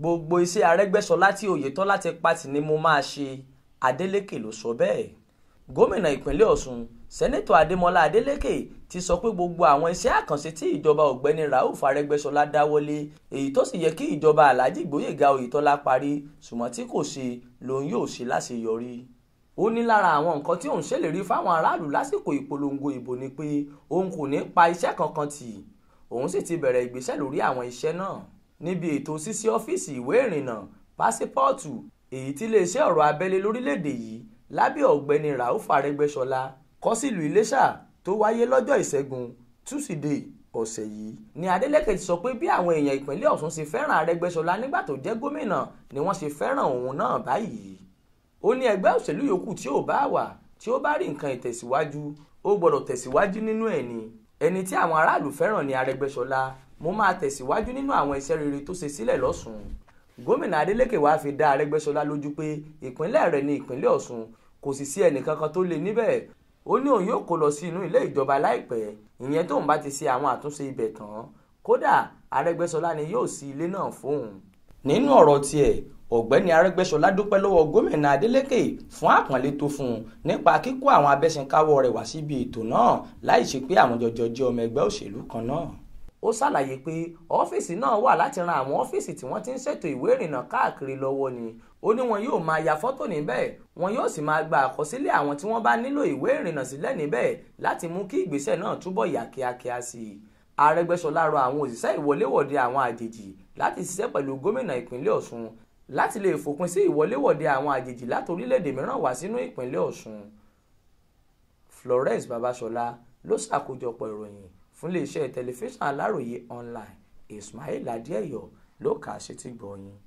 gbogbo iṣẹ́ Arẹ́gbẹ́ṣọlá tí Oyètọ́lá ti pati ni mo máa ṣe Adeleke ló sọ bẹ́ẹ̀ gómìnà ìpínlẹ̀ Ọ̀ṣun sẹ́nẹ́tọ̀ Adémọlá Adeleke ti sọ pé gbogbo àwọn iṣẹ́ àkànṣe tí ìjọba ọ̀gbẹ́ni Rauf Arẹ́gbẹ́ṣọlá dáwọ́lé èyí tó sì yẹ kí ìjọba Alhaji Gboyega Oyètọ́lá parí ṣùgbọ́n tí kò ṣe lòun yóò ṣe láṣeyọrí ó ní lára àwọn nǹkan tí òun ṣèlérí fáwọn aráàlú lásìkò ìpolongo ìbò ni pé òun kò ní pa iṣẹ́ kankan tì òun sì ti bẹ̀rẹ̀ ìgbésẹ̀ lórí àwọn iṣẹ́ náà níbi ètò ṣíṣí ọ́fíìsì ìwé ìrìnnà pásípọ́ọ̀tù èyí tí iléeṣẹ́ ọ̀rọ̀ abẹ́lé lórílẹ̀‐èdè yìí lábẹ́ ọ̀gbẹ́ni rauf arẹ́gbẹ́ṣọlá kọ́ sílùú iléṣà tó wáyé lọ́jọ́ ìṣẹ́gun túsídéé ọ̀sẹ̀ yìí ni adeleke ti sọ pé bí àwọn èèyàn ìpínlẹ̀ ọ̀ṣun ṣe fẹ́ràn arẹ́gbẹ́ṣọlá nígbà tó jẹ́ gómìnà ni wọ́n ṣe fẹ́ràn òun náà báyìí ó ní ẹgbẹ́ òṣèlú yòókù tí ò bá wà tí ó bá rí nǹkan ìtẹ̀síwájú ó gbọ́dọ̀ tẹ̀síwájú nínú ẹ̀ ni ẹni tí àwọn aráàlú fẹ́ràn ni arẹ́gbẹ́ṣọlá mo máa tẹ̀síwájú nínú àwọn iṣẹ́ rere tó ṣe sílẹ̀ lọ́sùn gómìnà Adeleke wàá fi dá Arẹ́gbẹ́ṣọlá lójú pé ìpínlẹ̀ rẹ̀ ní ìpínlẹ̀ Ọ̀ṣun kò sì sí ẹnìkankan tó lè níbẹ̀ ó ní òun yóò kó lọ sí inú ilé ìjọba láìpẹ́ ìyẹn tóun bá ti ṣe àwọn àtúnṣe ibẹ̀ tán kódà Arẹ́gbẹ́ṣọlá ni yóò sí ilé náà fóun. nínú ọ̀rọ̀ tiẹ̀ ọ̀gbẹ́ni Arẹ́gbẹ́ṣọlá dúpẹ́ lọ́wọ́ gómìnà Adeleke fún àpọ́nlé tó fún nípa kíkó àwọn abẹ́sìnkáwọ́ rẹ̀ wá síbi ètò náà láì ṣe pé àwọn jọjọ jẹ́ ọmọ ẹgbẹ́ òṣèlú kan náà ó ṣàlàyé pé ọ́fíìsì náà wà láti ran àwọn ọ́fíìsì tí wọ́n ti ń ṣètò ìwé ìrìnnà káàkiri lọ́wọ́ ni ó ní wọn yóò máa ya fọ́tò níbẹ̀ wọn yóò sì máa gba àkọsílẹ̀ àwọn tí wọ́n bá nílò ìwé ìrìnnà sílẹ̀ níbẹ̀ láti mú kí ìgbésẹ̀ náà túbọ̀ yà kíákíá sí i Arẹ́gbẹ́ṣọlá rọ àwọn òṣìṣẹ́ ìwọléwọ̀de àwọn àjèjì láti ṣiṣẹ́ pẹ̀lú gómìnà ìpínlẹ̀ Ọ̀ṣun láti lè fòpin sí ìwọléwọ̀de àwọn àjèjì láti orílẹ̀-èdè mìíràn wá sínú ìpínlẹ̀ Ọ̀ṣun Florence Babaṣọlá ló ṣàkójọpọ̀ ìròyìn fún iléeṣẹ́ tẹlifíṣàn aláròye online ismail adéẹ̀yọ̀ ló kà á sétí gbọ̀nyìn